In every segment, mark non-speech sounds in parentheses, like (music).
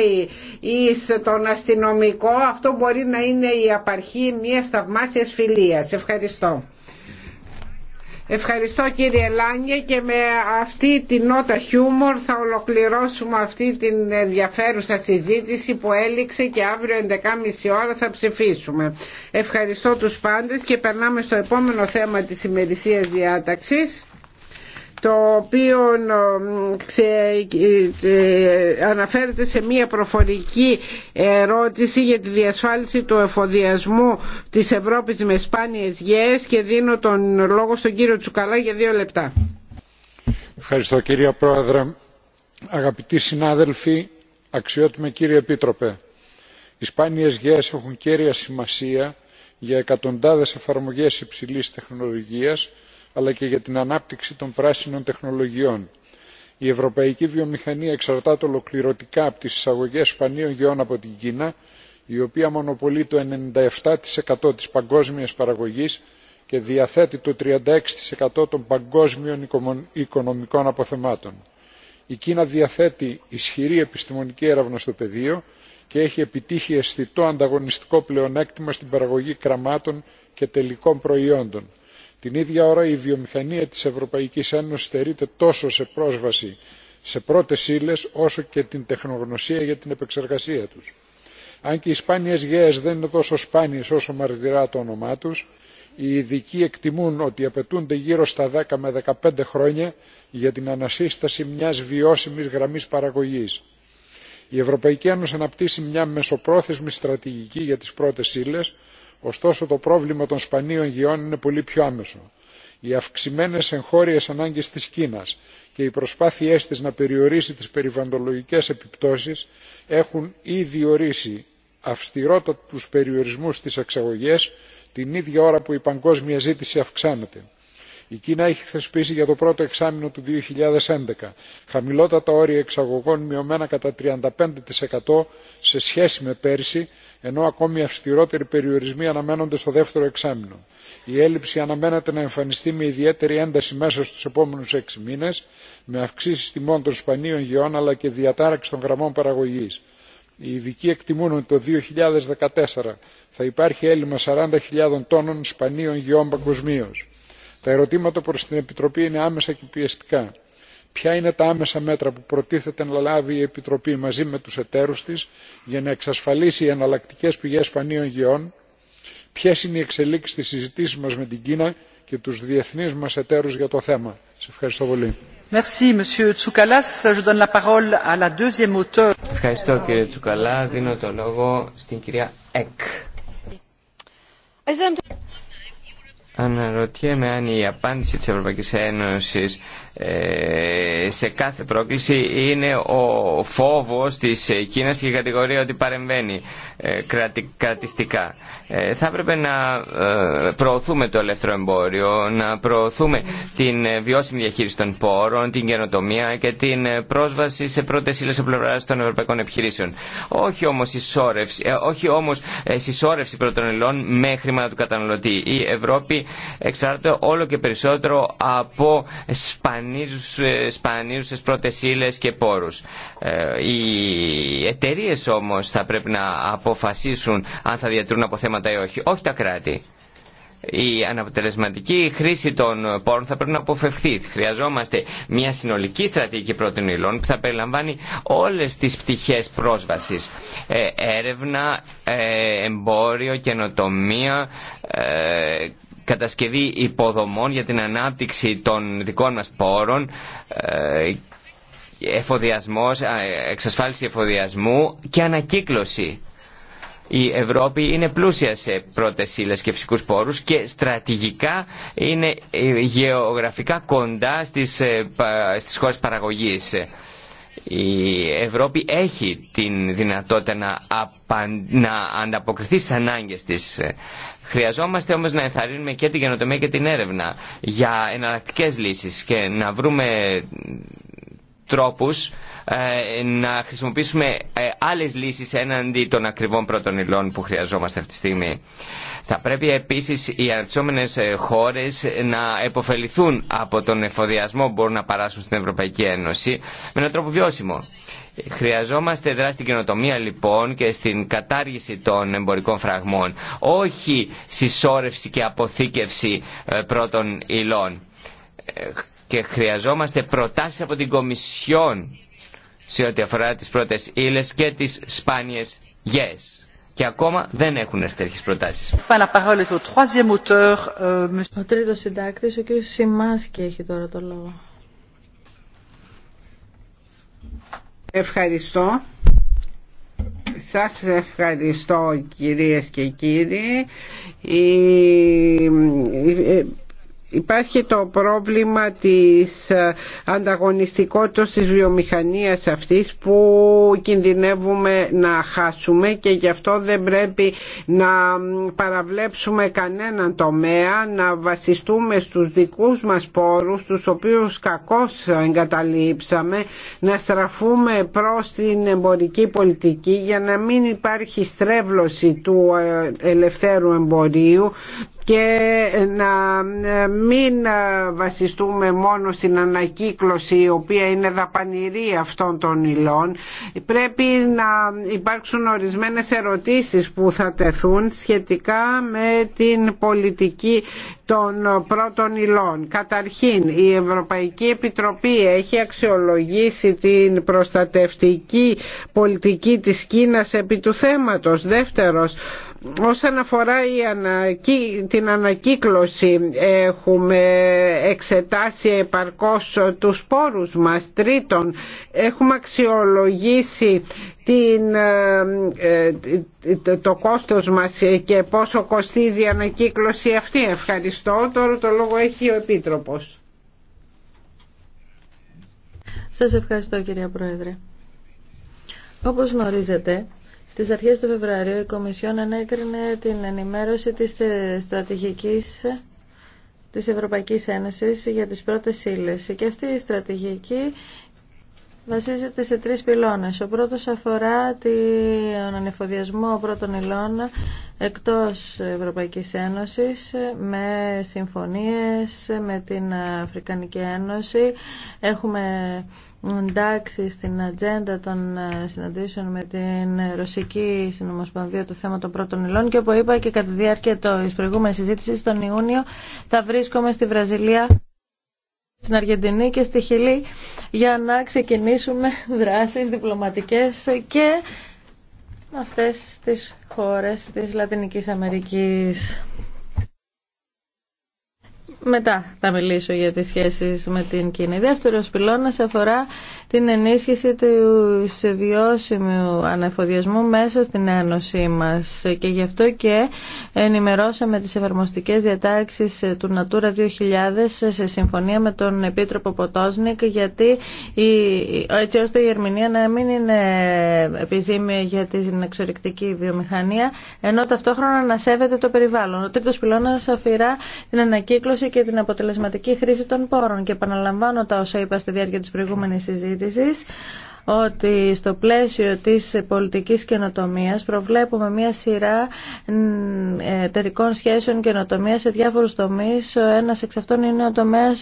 λέει τον αστυνομικό αυτό μπορεί να είναι η απαρχή μιας θαυμάσιας φιλίας. Ευχαριστώ. Ευχαριστώ κύριε Λάνια και με αυτή την νότα χιούμορ θα ολοκληρώσουμε αυτή την ενδιαφέρουσα συζήτηση που έληξε και αύριο 11.30 ώρα θα ψηφίσουμε. Ευχαριστώ τους πάντες και περνάμε στο επόμενο θέμα της ημερησίας διάταξης το οποίο ε, ε, ε, αναφέρεται σε μία προφορική ερώτηση για τη διασφάλιση του εφοδιασμού της Ευρώπης με σπάνιες γέες και δίνω τον λόγο στον κύριο Τσουκαλά για δύο λεπτά. Ευχαριστώ κύριε Πρόεδρε. Αγαπητοί συνάδελφοι, αξιότιμε κύριε Επίτροπε, οι σπάνιες γέες έχουν κέρια σημασία για εκατοντάδες εφαρμογές υψηλής τεχνολογίας αλλά και για την ανάπτυξη των πράσινων τεχνολογιών. η ευρωπαϊκή βιομηχανία εξαρτάται ολοκληρωτικά από τις εισαγωγές σπανίων γεών από την κίνα η οποία μονοπολεί το 97% της παγκόσμιας παραγωγής και διαθέτει το 36% των παγκόσμιων οικονομικών αποθεμάτων. η κίνα διαθέτει ισχυρή επιστημονική έρευνα στο πεδίο και έχει επιτύχει αισθητό ανταγωνιστικό πλεονέκτημα στην παραγωγή κραμάτων και τελικών προϊόντων την ίδια ώρα η βιομηχανία της ευρωπαϊκής ένωσης στερείται τόσο σε πρόσβαση σε πρώτες ύλες όσο και την τεχνογνωσία για την επεξεργασία τους. αν και οι σπάνιες γαίες δεν είναι τόσο σπάνιες όσο μαρτυρά το όνομά τους οι ειδικοί εκτιμούν ότι απαιτούνται γύρω στα 10 με 15 χρόνια για την ανασύσταση μιας βιώσιμης γραμμής παραγωγής. η ευρωπαϊκή ένωση αναπτύσσει μια μεσοπρόθεσμη στρατηγική για τις πρώτες ύλες ωστόσο το πρόβλημα των σπανίων γιών είναι πολύ πιο άμεσο. οι αυξημένες εγχώριες ανάγκες της κίνας και οι προσπάθειές της να περιορίσει τις περιβαντολογικές επιπτώσεις έχουν ήδη ορίσει αυστηρότατους περιορισμούς στις εξαγωγές την ίδια ώρα που η παγκόσμια ζήτηση αυξάνεται. η κίνα έχει θεσπίσει για το πρώτο εξάμεινο του 2011 χαμηλότατα όρια εξαγωγών μειωμένα κατά 35% σε σχέση με πέρσι ενώ ακόμη αυστηρότεροι περιορισμοί αναμένονται στο δεύτερο εξάμεινο. η έλλειψη αναμένεται να εμφανιστεί με ιδιαίτερη ένταση μέσα στους επόμενους έξι μήνες με αυξήσει τιμών των σπανίων γεών αλλά και διατάραξη των γραμμών παραγωγής. οι ειδικοί εκτιμούν ότι το 2014 θα υπάρχει έλλειμμα 40.000 τόνων σπανίων γεών παγκοσμίω. τα ερωτήματα προς την επιτροπή είναι άμεσα και πιεστικά ποια είναι τα άμεσα μέτρα που προτίθεται να λάβει η επιτροπή μαζί με τους εταίρους της για να εξασφαλίσει οι εναλλακτικές πηγές σπανίων γεών; ποιε είναι οι εξελίξεις της συζητήσης μας με την κίνα και τους διεθνείς μας εταίρους για το θέμα. Σε ευχαριστώ πολύ. Ευχαριστώ κύριε Τσουκαλά. Δίνω το λόγο στην κυρία Εκ. Αναρωτιέμαι αν η απάντηση της Ευρωπαϊκής Ένωσης ε, σε κάθε πρόκληση είναι ο φόβος της Κίνας και η κατηγορία ότι παρεμβαίνει ε, κρατιστικά. Ε, θα έπρεπε να προωθούμε το ελεύθερο εμπόριο, να προωθούμε την βιώσιμη διαχείριση των πόρων, την καινοτομία και την πρόσβαση σε πρώτες ύλες οπλευράς των ευρωπαϊκών επιχειρήσεων. Όχι όμως συσσόρευση, όχι όμως συσσόρευση πρώτων υλών με χρήματα του καταναλωτή. Η Ευρώπη εξαρτάται όλο και περισσότερο από σπανίζους, ε, σπανίζουσες πρώτες και πόρους. Ε, οι εταιρείε όμως θα πρέπει να αποφασίσουν αν θα διατηρούν αποθέματα ή Όχι τα κράτη. Η αναποτελεσματική χρήση των πόρων θα πρέπει να αποφευθεί. Χρειαζόμαστε μια συνολική στρατηγική πρώτων υλών που θα περιλαμβάνει όλες τις πτυχές πρόσβασης. Ε, έρευνα, εμπόριο, καινοτομία, κατασκευή υποδομών για την ανάπτυξη των δικών μας πόρων, ε, εφοδιασμός, εξασφάλιση εφοδιασμού και ανακύκλωση. Η Ευρώπη είναι πλούσια σε πρώτες ύλες και φυσικούς πόρους και στρατηγικά είναι ε, γεωγραφικά κοντά στις, ε, στις χώρες παραγωγής η Ευρώπη έχει την δυνατότητα να, να ανταποκριθεί στις ανάγκες της. Χρειαζόμαστε όμως να ενθαρρύνουμε και την καινοτομία και την έρευνα για εναλλακτικέ λύσεις και να βρούμε τρόπους ε, να χρησιμοποιήσουμε ε, άλλες λύσεις έναντι των ακριβών πρώτων υλών που χρειαζόμαστε αυτή τη στιγμή. Θα πρέπει επίσης οι αναπτυσσόμενες ε, χώρες να επωφεληθούν από τον εφοδιασμό που μπορούν να παράσουν στην Ευρωπαϊκή Ένωση με έναν τρόπο βιώσιμο. Χρειαζόμαστε δράση στην καινοτομία λοιπόν και στην κατάργηση των εμπορικών φραγμών, όχι συσσόρευση και αποθήκευση πρώτων υλών και χρειαζόμαστε προτάσεις από την Κομισιόν σε ό,τι αφορά τις πρώτες ύλες και τις σπάνιες γιές. Yes. Και ακόμα δεν έχουν έρθει τέτοιες προτάσεις. Euh, ο τρίτος συντάκτης, ο κύριος Σιμάσκη, έχει τώρα το λόγο. Ευχαριστώ. Σας ευχαριστώ κυρίες και κύριοι. Η Υπάρχει το πρόβλημα της ε, ανταγωνιστικότητας της βιομηχανίας αυτής που κινδυνεύουμε να χάσουμε και γι' αυτό δεν πρέπει να παραβλέψουμε κανέναν τομέα, να βασιστούμε στους δικούς μας πόρους, τους οποίους κακώς εγκαταλείψαμε, να στραφούμε προς την εμπορική πολιτική για να μην υπάρχει στρέβλωση του ε, ελευθέρου εμπορίου και να ε, μην ε, βασιστούμε μόνο στην ανακύκλωση η οποία είναι δαπανηρή αυτών των υλών πρέπει να υπάρξουν ορισμένες ερωτήσεις που θα τεθούν σχετικά με την πολιτική των πρώτων υλών. Καταρχήν η Ευρωπαϊκή Επιτροπή έχει αξιολογήσει την προστατευτική πολιτική της Κίνας επί του θέματος. Δεύτερος, όσον αφορά την ανακύκλωση έχουμε εξετάσει επαρκώς τους πόρους μας τρίτον έχουμε αξιολογήσει την, ε, ε, το κόστος μας και πόσο κοστίζει η ανακύκλωση αυτή ευχαριστώ τώρα το λόγο έχει ο Επίτροπος Σας ευχαριστώ κυρία Πρόεδρε όπως γνωρίζετε στις αρχές του Φεβρουαρίου η Κομισιόν ανέκρινε την ενημέρωση της στρατηγικής της Ευρωπαϊκής Ένωσης για τις πρώτες ύλες. Και αυτή η στρατηγική βασίζεται σε τρεις πυλώνες. Ο πρώτος αφορά τον ανεφοδιασμό πρώτων υλών εκτός Ευρωπαϊκής Ένωσης με συμφωνίες με την Αφρικανική Ένωση. Έχουμε εντάξει στην ατζέντα των ε, συναντήσεων με την ε, Ρωσική Συνομοσπονδία το θέμα των πρώτων υλών και όπως είπα και κατά τη διάρκεια της προηγούμενης συζήτησης τον Ιούνιο θα βρίσκομαι στη Βραζιλία στην Αργεντινή και στη Χιλή για να ξεκινήσουμε (laughs) δράσεις διπλωματικές και με αυτές τις χώρες της Λατινικής Αμερικής. Μετά θα μιλήσω για τις σχέσεις με την Κίνα. Δεύτερος πυλώνας αφορά την ενίσχυση του βιώσιμου αναφοδιασμού μέσα στην Ένωσή μας και γι' αυτό και ενημερώσαμε τις εφαρμοστικές διατάξεις του Natura 2000 σε συμφωνία με τον Επίτροπο Ποτόσνικ γιατί η, έτσι ώστε η ερμηνεία να μην είναι επιζήμια για την εξορρυκτική βιομηχανία ενώ ταυτόχρονα να σέβεται το περιβάλλον. Ο τρίτος πυλώνας αφηρά την ανακύκλωση και την αποτελεσματική χρήση των πόρων και επαναλαμβάνω τα όσα είπα στη διάρκεια της προηγούμενης συζήτηση ότι στο πλαίσιο της πολιτικής καινοτομίας προβλέπουμε μια σειρά εταιρικών σχέσεων καινοτομία σε διάφορους τομείς. Ο ένας εξ αυτών είναι ο τομέας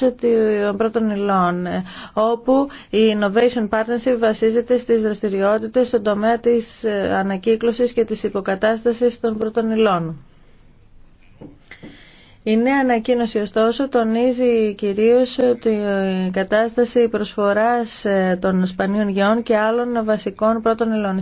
των πρώτων υλών, όπου η Innovation Partnership βασίζεται στις δραστηριότητες στον τομέα της ε, ανακύκλωσης και της υποκατάστασης των πρώτων υλών. Η νέα ανακοίνωση ωστόσο τονίζει κυρίως η κατάσταση προσφοράς ε, των σπανίων γεών και άλλων βασικών πρώτων υλών.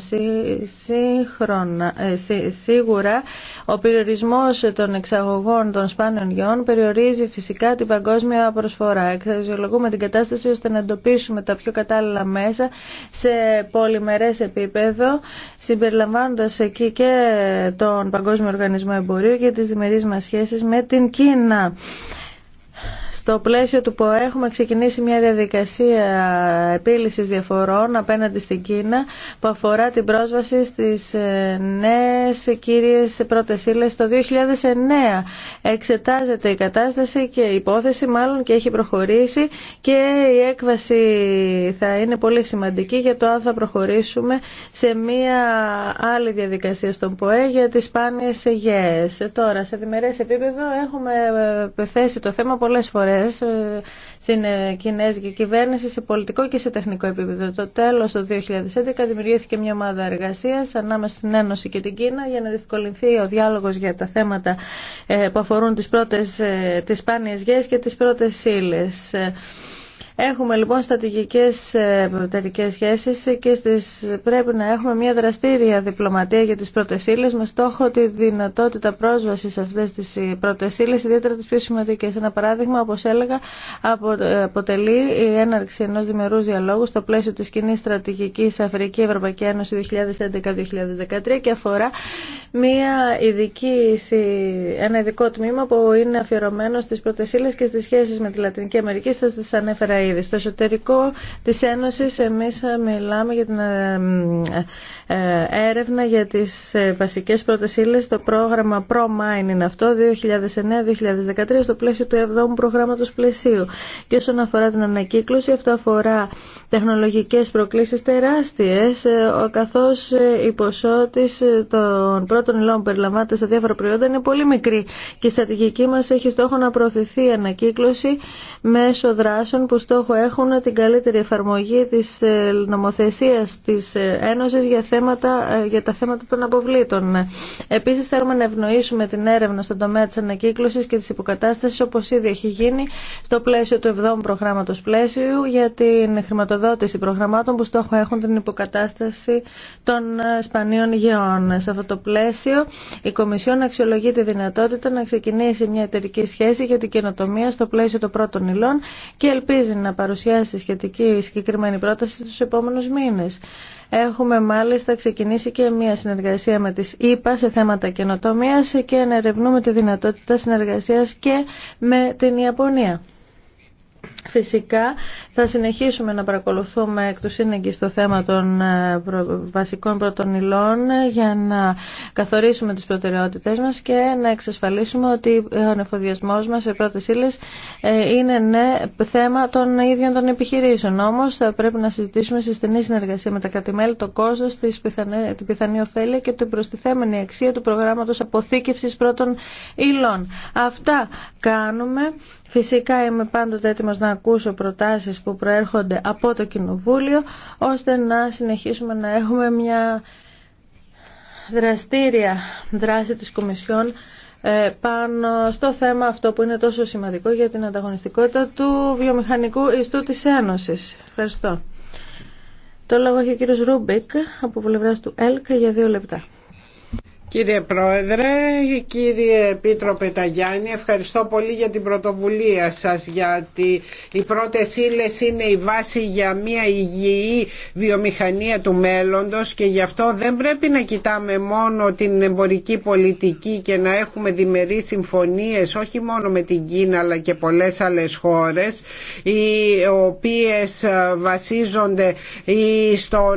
Σύγχρονα, ε, σίγουρα ο περιορισμός των εξαγωγών των σπάνιων γεών περιορίζει φυσικά την παγκόσμια προσφορά. Εξαζιολογούμε την κατάσταση ώστε να εντοπίσουμε τα πιο κατάλληλα μέσα σε πολυμερές επίπεδο συμπεριλαμβάνοντας εκεί και τον Παγκόσμιο Οργανισμό Εμπορίου και τις διμερείς μας σχέσεις με την Κίνα στο πλαίσιο του ΠΟΕ έχουμε ξεκινήσει μια διαδικασία επίλυσης διαφορών απέναντι στην Κίνα που αφορά την πρόσβαση στις ε, νέες κύριες πρώτες ύλες το 2009. Εξετάζεται η κατάσταση και η υπόθεση μάλλον και έχει προχωρήσει και η έκβαση θα είναι πολύ σημαντική για το αν θα προχωρήσουμε σε μια άλλη διαδικασία στον ΠΟΕ για τις σπάνιες Τώρα, σε διμερές επίπεδο έχουμε ε, ε, θέσει το θέμα πολλές φορές ε, στην ε, κινέζικη κυβέρνηση σε πολιτικό και σε τεχνικό επίπεδο. Το τέλος του 2011 δημιουργήθηκε μια ομάδα εργασίας ανάμεσα στην Ένωση και την Κίνα για να διευκολυνθεί ο διάλογος για τα θέματα ε, που αφορούν τις, πρώτες, τις σπάνιες και τις πρώτες ύλες. Έχουμε λοιπόν στρατηγικές ε, εταιρικέ σχέσεις και στις, πρέπει να έχουμε μια δραστήρια διπλωματία για τις πρώτες ύλες με στόχο τη δυνατότητα πρόσβασης σε αυτές τις ε, πρώτες ύλες, ιδιαίτερα τις πιο σημαντικές. Ένα παράδειγμα, όπως έλεγα, ε, αποτελεί η έναρξη ενός διμερούς διαλόγου στο πλαίσιο της κοινή στρατηγικής Αφρική Ευρωπαϊκή Ένωση 2011-2013 και αφορά μια ειδική, ένα ειδικό τμήμα που είναι αφιερωμένο στις πρώτες και στις σχέσεις με τη Λατινική Αμερική. Σας τις ανέφερα στο εσωτερικό της Ένωσης εμείς μιλάμε για την ε, ε, ε, έρευνα για τις βασικές πρώτες ύλες. Το πρόγραμμα ProMine είναι αυτό, 2009-2013, στο πλαίσιο του 7ου προγράμματος πλαισίου. Και όσον αφορά την ανακύκλωση, αυτό αφορά τεχνολογικές προκλήσεις τεράστιες, καθώς η ποσότητα των πρώτων υλών που περιλαμβάνεται σε διάφορα προϊόντα είναι πολύ μικρή. Και η στρατηγική μας έχει στόχο να προωθηθεί η ανακύκλωση μέσω δράσεων που στόχο έχουν την καλύτερη εφαρμογή της ε, νομοθεσίας της ε, Ένωσης για, θέματα, ε, για τα θέματα των αποβλήτων. Επίσης θέλουμε να ευνοήσουμε την έρευνα στον τομέα της ανακύκλωσης και της υποκατάστασης όπως ήδη έχει γίνει στο πλαίσιο του 7ου προγράμματος πλαίσιου για την χρηματοδότηση προγραμμάτων που στόχο έχουν την υποκατάσταση των σπανίων γεών. Σε αυτό το πλαίσιο η Κομισιόν αξιολογεί τη δυνατότητα να ξεκινήσει μια εταιρική σχέση για την καινοτομία στο πλαίσιο των πρώτων υλών και ελπίζει να παρουσιάσει σχετική συγκεκριμένη πρόταση στους επόμενους μήνες. Έχουμε μάλιστα ξεκινήσει και μια συνεργασία με τις ΕΠΑ σε θέματα καινοτομίας και να ερευνούμε τη δυνατότητα συνεργασίας και με την Ιαπωνία. Φυσικά θα συνεχίσουμε να παρακολουθούμε εκ του σύνεγγυ στο θέμα των ε, βασικών πρώτων υλών για να καθορίσουμε τις προτεραιότητές μας και να εξασφαλίσουμε ότι ο ανεφοδιασμός μας σε πρώτες ύλες ε, είναι ναι, θέμα των ίδιων των επιχειρήσεων. Όμως θα πρέπει να συζητήσουμε σε στενή συνεργασία με τα κρατημέλη το κόστος, πιθανή, την πιθανή ωφέλεια και την προστιθέμενη αξία του προγράμματος αποθήκευσης πρώτων υλών. Αυτά κάνουμε. Φυσικά είμαι πάντοτε έτοιμος να ακούσω προτάσεις που προέρχονται από το Κοινοβούλιο, ώστε να συνεχίσουμε να έχουμε μια δραστήρια δράση της Κομισιόν ε, πάνω στο θέμα αυτό που είναι τόσο σημαντικό για την ανταγωνιστικότητα του βιομηχανικού ιστού της Ένωσης. Ευχαριστώ. Το λόγο έχει ο κύριος Ρούμπικ από πλευρά του ΕΛΚ για δύο λεπτά. Κύριε Πρόεδρε, κύριε Επίτροπε Ταγιάννη, ευχαριστώ πολύ για την πρωτοβουλία σας γιατί οι πρώτες ύλε είναι η βάση για μια υγιή βιομηχανία του μέλλοντος και γι' αυτό δεν πρέπει να κοιτάμε μόνο την εμπορική πολιτική και να έχουμε διμερείς συμφωνίες όχι μόνο με την Κίνα αλλά και πολλές άλλες χώρες οι οποίες βασίζονται στο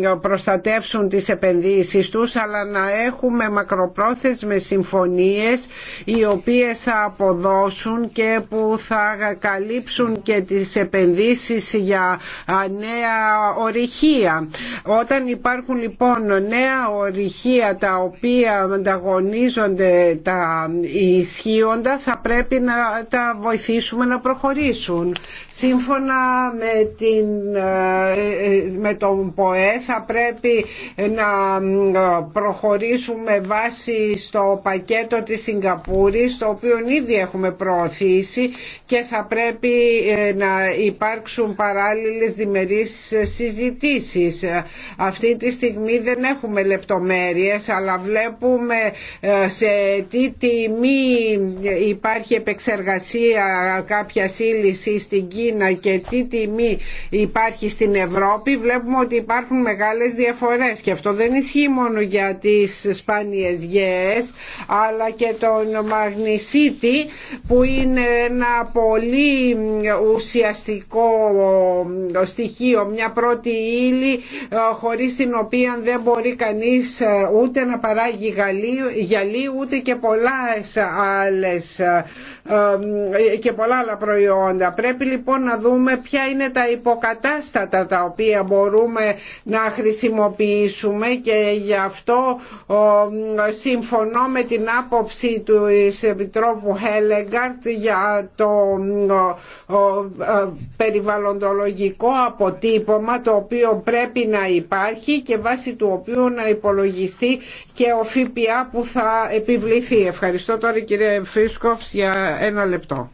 να προστατεύσουν τις επενδύσεις τους αλλά να έχουμε μακροπρόθεσμες συμφωνίες οι οποίες θα αποδώσουν και που θα καλύψουν και τις επενδύσεις για νέα ορυχεία. Όταν υπάρχουν λοιπόν νέα ορυχεία τα οποία ανταγωνίζονται τα ισχύοντα θα πρέπει να τα βοηθήσουμε να προχωρήσουν. Σύμφωνα με, την, ε, ε, με τον ΠΟΕ θα πρέπει να ε, προχωρήσουμε με βάσει στο πακέτο της Σιγκαπούρης το οποίο ήδη έχουμε προωθήσει και θα πρέπει ε, να υπάρξουν παράλληλες διμερείς συζητήσεις. Αυτή τη στιγμή δεν έχουμε λεπτομέρειες αλλά βλέπουμε ε, σε τι τιμή υπάρχει επεξεργασία κάποια σύλληση στην Κίνα και τι τιμή υπάρχει στην Ευρώπη βλέπουμε ότι υπάρχουν μεγάλες διαφορές και αυτό δεν ισχύει μόνο για τις σπάνιες γεές αλλά και τον μαγνησίτη που είναι ένα πολύ ουσιαστικό στοιχείο, μια πρώτη ύλη ε, χωρίς την οποία δεν μπορεί κανείς ε, ούτε να παράγει γυαλί ούτε και πολλά άλλες ε, και πολλά άλλα προϊόντα. Πρέπει λοιπόν να δούμε ποια είναι τα υποκατάστατα τα οποία μπορούμε να χρησιμοποιήσουμε και γι' αυτό συμφωνώ με την άποψη του Επιτρόπου Χέλεγκαρτ για το περιβαλλοντολογικό αποτύπωμα το οποίο πρέπει να υπάρχει και βάσει του οποίου να υπολογιστεί και ο ΦΠΑ που θα επιβληθεί. Ευχαριστώ τώρα κύριε Φρίσκοφς για ένα λεπτό.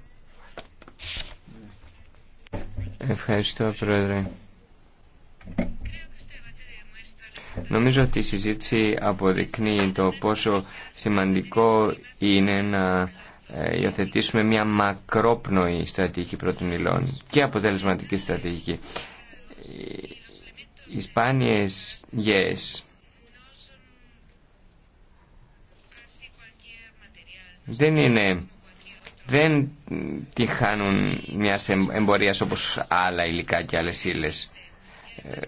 Ευχαριστώ πρόεδρε. Νομίζω ότι η συζήτηση αποδεικνύει το πόσο σημαντικό είναι να ε, υιοθετήσουμε μια μακρόπνοη στρατηγική πρώτων υλών και αποτελεσματική στρατηγική. Οι σπάνιες γεές δεν είναι δεν τη χάνουν μιας εμπορίας όπως άλλα υλικά και άλλες ύλες. Ε,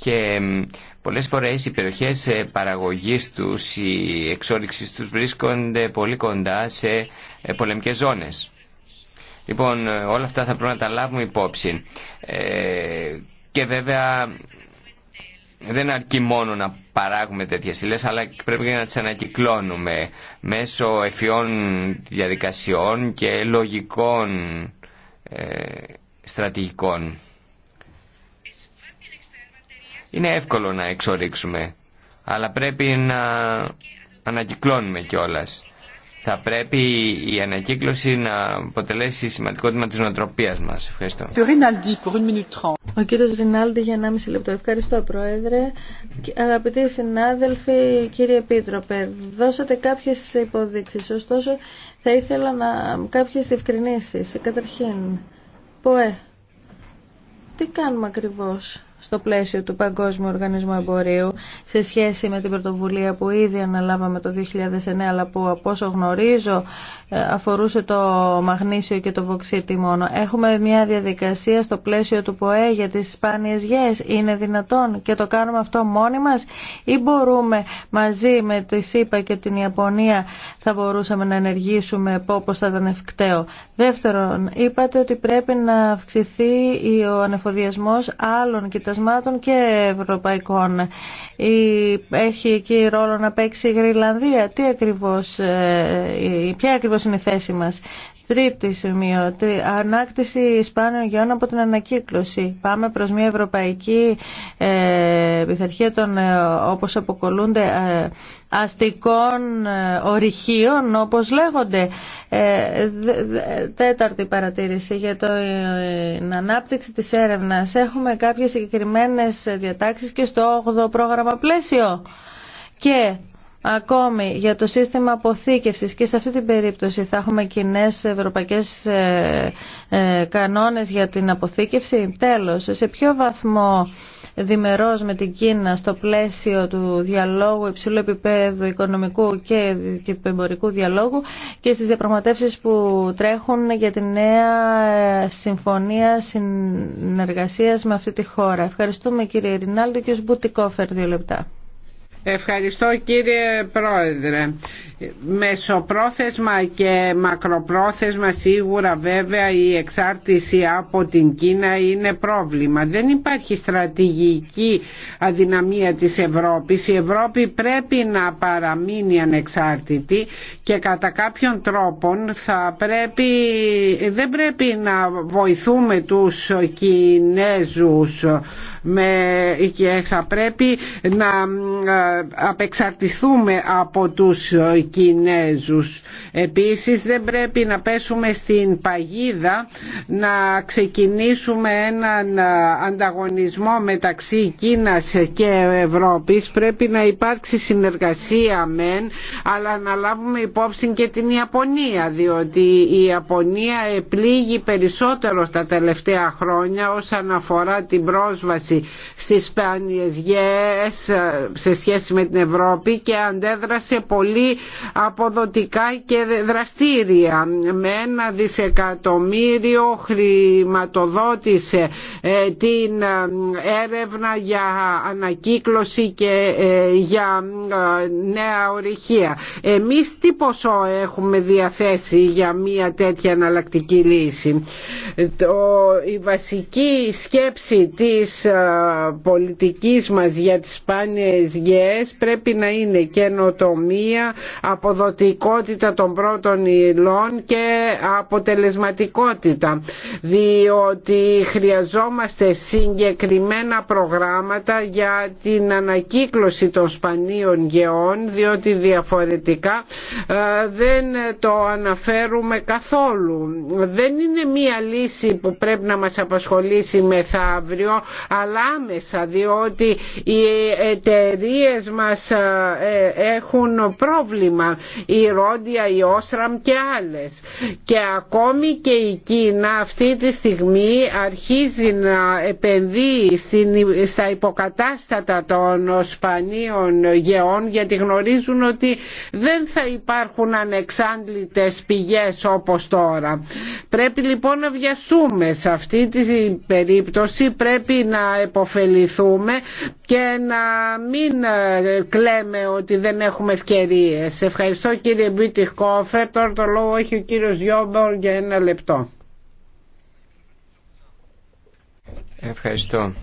και πολλές φορές οι περιοχές ε, παραγωγής τους, η εξόριξης τους βρίσκονται πολύ κοντά σε ε, πολεμικές ζώνες. Λοιπόν, ε, όλα αυτά θα πρέπει να τα λάβουμε υπόψη. και βέβαια δεν αρκεί μόνο να παράγουμε τέτοιες ύλες, αλλά πρέπει να τις ανακυκλώνουμε μέσω εφιών διαδικασιών και λογικών στρατηγικών. Είναι εύκολο να εξορίξουμε, αλλά πρέπει να ανακυκλώνουμε κιόλα. Θα πρέπει η ανακύκλωση να αποτελέσει σημαντικό τμήμα της νοοτροπίας μας. Ευχαριστώ. Ο κύριο Ρινάλντι για 1,5 λεπτό. Ευχαριστώ Πρόεδρε. Αγαπητοί συνάδελφοι, κύριε Επίτροπε, δώσατε κάποιε υποδείξει, Ωστόσο, θα ήθελα να... κάποιες διευκρινήσει. Καταρχήν, ΠΟΕ, τι κάνουμε ακριβώς στο πλαίσιο του Παγκόσμιου Οργανισμού Εμπορίου σε σχέση με την πρωτοβουλία που ήδη αναλάβαμε το 2009 αλλά που από όσο γνωρίζω ε, αφορούσε το μαγνήσιο και το βοξίτη μόνο. Έχουμε μια διαδικασία στο πλαίσιο του ΠΟΕ για τις σπάνιες γέες. Είναι δυνατόν και το κάνουμε αυτό μόνοι μας ή μπορούμε μαζί με τη ΣΥΠΑ και την Ιαπωνία θα μπορούσαμε να ενεργήσουμε όπως θα ήταν ευκταίο. Δεύτερον, είπατε ότι πρέπει να αυξηθεί ο ανεφοδιασμός άλλων και και ευρωπαϊκών. Έχει εκεί ρόλο να παίξει η Γρυλανδία. Τι ακριβώς, ε, ποια ακριβώς είναι η θέση μας. Τρίτη σημείο, ανάκτηση σπάνιων γεών από την ανακύκλωση. Πάμε προς μια ευρωπαϊκή ε, πειθαρχία των, ε, όπως αποκολούνται, ε, αστικών ε, όπως λέγονται. Ε, τέταρτη παρατήρηση για την ανάπτυξη της έρευνας. Έχουμε κάποιες συγκεκριμένες διατάξεις και στο 8ο πρόγραμμα πλαίσιο. Και Ακόμη για το σύστημα αποθήκευσης και σε αυτή την περίπτωση θα έχουμε κοινέ ευρωπαϊκές ε, ε, κανόνες για την αποθήκευση. Τέλος, σε ποιο βαθμό διμερός με την Κίνα στο πλαίσιο του διαλόγου υψηλού επίπεδου οικονομικού και εμπορικού διαλόγου και στις διαπραγματεύσεις που τρέχουν για τη νέα ε, συμφωνία συνεργασίας με αυτή τη χώρα. Ευχαριστούμε κύριε Ρινάλντο και ως Μπουτικόφερ δύο λεπτά. Ευχαριστώ κύριε Πρόεδρε. Μεσοπρόθεσμα και μακροπρόθεσμα σίγουρα βέβαια η εξάρτηση από την Κίνα είναι πρόβλημα. Δεν υπάρχει στρατηγική αδυναμία της Ευρώπης. Η Ευρώπη πρέπει να παραμείνει ανεξάρτητη και κατά κάποιον τρόπο θα πρέπει, δεν πρέπει να βοηθούμε τους Κινέζους και θα πρέπει να ε, απεξαρτηθούμε από τους ε, Κινέζους. Επίσης δεν πρέπει να πέσουμε στην παγίδα να ξεκινήσουμε έναν ε, ανταγωνισμό μεταξύ Κίνας και Ευρώπης. Πρέπει να υπάρξει συνεργασία μεν, αλλά να λάβουμε υπόψη και την Ιαπωνία, διότι η Ιαπωνία επλήγει περισσότερο τα τελευταία χρόνια όσον αφορά την πρόσβαση Στι στις σπάνιες ε, σε σχέση με την Ευρώπη και αντέδρασε πολύ αποδοτικά και δραστήρια. Με ένα δισεκατομμύριο χρηματοδότησε ε, την ε, έρευνα για ανακύκλωση και για νέα ορυχεία. Εμείς τι ποσό έχουμε διαθέσει για μια τέτοια εναλλακτική λύση. Το, η βασική σκέψη της πολιτικής μας για τις σπάνιες γεές πρέπει να είναι καινοτομία, αποδοτικότητα των πρώτων υλών και αποτελεσματικότητα διότι χρειαζόμαστε συγκεκριμένα προγράμματα για την ανακύκλωση των σπανίων γεών διότι διαφορετικά ε, δεν το αναφέρουμε καθόλου. Δεν είναι μία λύση που πρέπει να μας απασχολήσει μεθαύριο αλλά αλλά άμεσα διότι οι εταιρείε μας ε, έχουν πρόβλημα η Ρόντια, η Όσραμ και άλλες και ακόμη και η Κίνα αυτή τη στιγμή αρχίζει να επενδύει στα υποκατάστατα των σπανίων γεών γιατί γνωρίζουν ότι δεν θα υπάρχουν ανεξάντλητες πηγές όπως τώρα. Πρέπει λοιπόν να βιαστούμε σε αυτή την περίπτωση πρέπει να υποφεληθούμε και να μην ε, κλαίμε ότι δεν έχουμε ευκαιρίες. Ευχαριστώ κύριε Μπίτι Κόφερ. Τώρα το λόγο έχει ο κύριος Γιόμπορ για ένα λεπτό. Ευχαριστώ.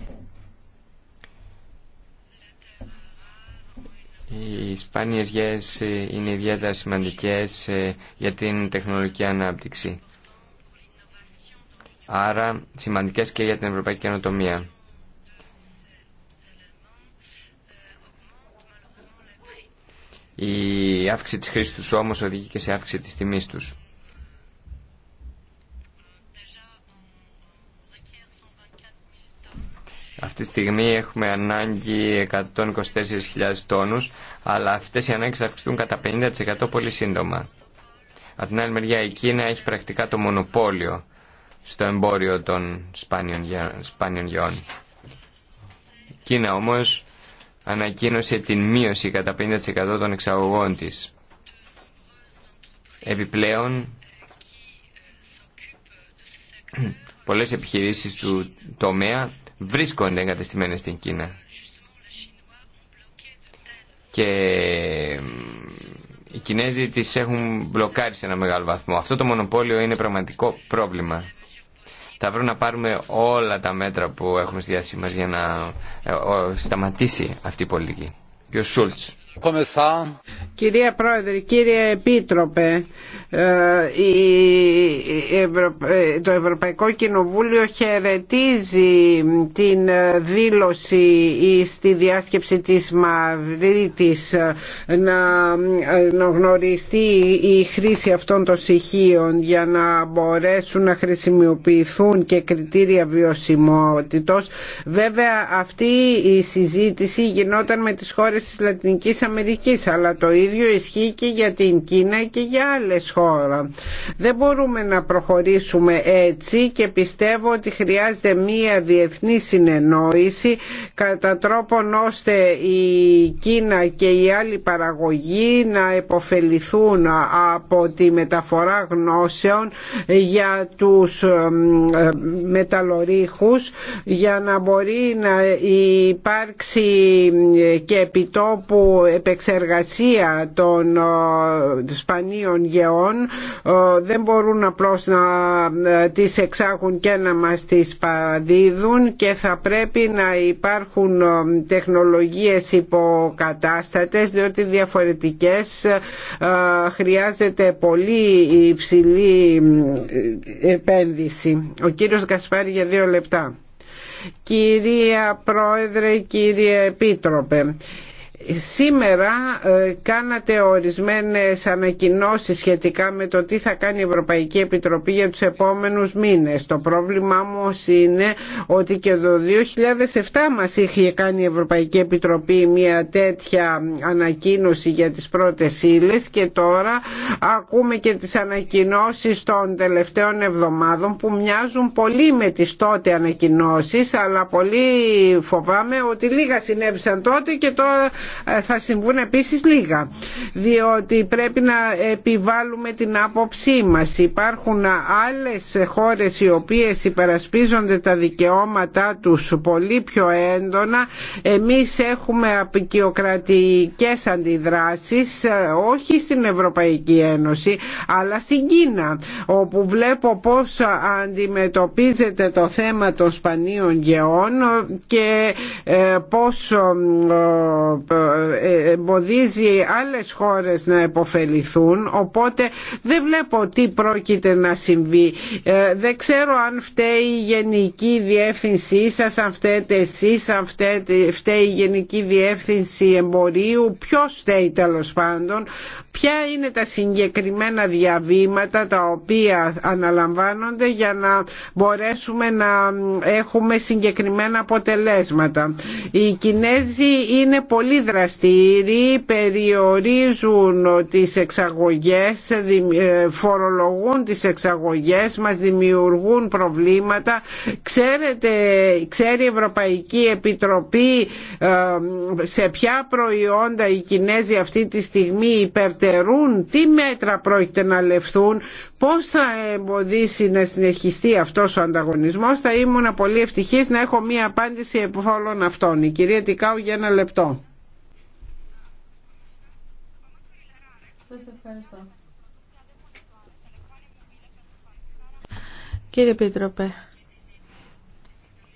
Οι σπάνιες γιές ε, είναι ιδιαίτερα σημαντικές ε, για την τεχνολογική ανάπτυξη. Άρα σημαντικές και για την ευρωπαϊκή καινοτομία. Η αύξηση της χρήσης τους όμως οδηγεί και σε αύξηση της τιμής τους. Αυτή τη στιγμή έχουμε ανάγκη 124.000 τόνους, αλλά αυτές οι ανάγκες θα αυξηθούν κατά 50% πολύ σύντομα. Από την άλλη μεριά η Κίνα έχει πρακτικά το μονοπόλιο στο εμπόριο των σπάνιων, γεών. Η Κίνα όμως ανακοίνωσε την μείωση κατά 50% των εξαγωγών της. Επιπλέον, πολλές επιχειρήσεις του τομέα βρίσκονται εγκατεστημένες στην Κίνα. Και ε, οι Κινέζοι τις έχουν μπλοκάρει σε ένα μεγάλο βαθμό. Αυτό το μονοπόλιο είναι πραγματικό πρόβλημα. Θα πρέπει να πάρουμε όλα τα μέτρα που έχουμε στη διάθεσή μας για να ε, σταματήσει αυτή η πολιτική. Κύριε Κυρία Πρόεδρε, κύριε Επίτροπε, ε, ε, το Ευρωπαϊκό Κοινοβούλιο χαιρετίζει την ε, δήλωση στη διάσκεψη της Μαυρίτης να γνωριστεί η χρήση αυτών των στοιχείων για να μπορέσουν να χρησιμοποιηθούν και κριτήρια βιωσιμότητος. Βέβαια αυτή η συζήτηση γινόταν με τις χώρες της Λατινικής Αμερικής αλλά το ίδιο ισχύει και για την Κίνα και για άλλες χώρες δεν μπορούμε να προχωρήσουμε έτσι και πιστεύω ότι χρειάζεται μία διεθνή συνεννόηση κατά τρόπον ώστε η Κίνα και οι άλλοι παραγωγοί να επωφεληθούν από τη μεταφορά γνώσεων για τους ε, μεταλλορίχους για να μπορεί να υπάρξει και επιτόπου επεξεργασία των ε, σπανίων γεών ε, δεν μπορούν απλώς να ε, τις εξάγουν και να μας τις παραδίδουν και θα πρέπει να υπάρχουν ε, τεχνολογίες υποκατάστατες διότι διαφορετικές χρειάζεται πολύ υψηλή επένδυση. Ο κύριος Γκασπάρη για δύο λεπτά. Κυρία Πρόεδρε, κύριε Επίτροπε, Σήμερα ε, κάνατε ορισμένες ανακοινώσεις σχετικά με το τι θα κάνει η Ευρωπαϊκή Επιτροπή για τους επόμενους μήνες. Το πρόβλημά μου είναι ότι και το 2007 μας είχε κάνει η Ευρωπαϊκή Επιτροπή μια τέτοια ανακοίνωση για τις πρώτες ύλε και τώρα ακούμε και τις ανακοινώσεις των τελευταίων εβδομάδων που μοιάζουν πολύ με τις τότε ανακοινώσεις αλλά πολύ φοβάμαι ότι λίγα συνέβησαν τότε και τώρα ε, θα συμβούν επίσης λίγα διότι πρέπει να επιβάλλουμε την άποψή μας υπάρχουν άλλες χώρες οι οποίες υπερασπίζονται τα δικαιώματά τους πολύ πιο έντονα εμείς έχουμε απεικιοκρατικές αντιδράσεις ε, όχι στην Ευρωπαϊκή Ένωση αλλά στην Κίνα όπου βλέπω πως αντιμετωπίζεται το θέμα των σπανίων γεών και ε, πως εμποδίζει άλλες χώρες να επωφεληθούν οπότε δεν βλέπω τι πρόκειται να συμβεί ε, δεν ξέρω αν φταίει η Γενική Διεύθυνσή σας αν φταίτε εσείς αν φταίει η Γενική Διεύθυνση Εμπορίου ποιος φταίει τέλος πάντων ποια είναι τα συγκεκριμένα διαβήματα τα οποία αναλαμβάνονται για να μπορέσουμε να έχουμε συγκεκριμένα αποτελέσματα. Οι Κινέζοι είναι πολύ δραστήριοι, περιορίζουν τις εξαγωγές, ε, φορολογούν τις εξαγωγές, μας δημιουργούν προβλήματα. Ξέρετε, ξέρει η Ευρωπαϊκή Επιτροπή ε, σε ποια προϊόντα οι Κινέζοι αυτή τη στιγμή υπερ τι μέτρα πρόκειται να λεφθούν, πώς θα εμποδίσει να συνεχιστεί αυτός ο ανταγωνισμός. Θα ήμουν πολύ ευτυχής να έχω μία απάντηση από όλων αυτών. Η κυρία Τικάου για ένα λεπτό. Κύριε Πίτροπε,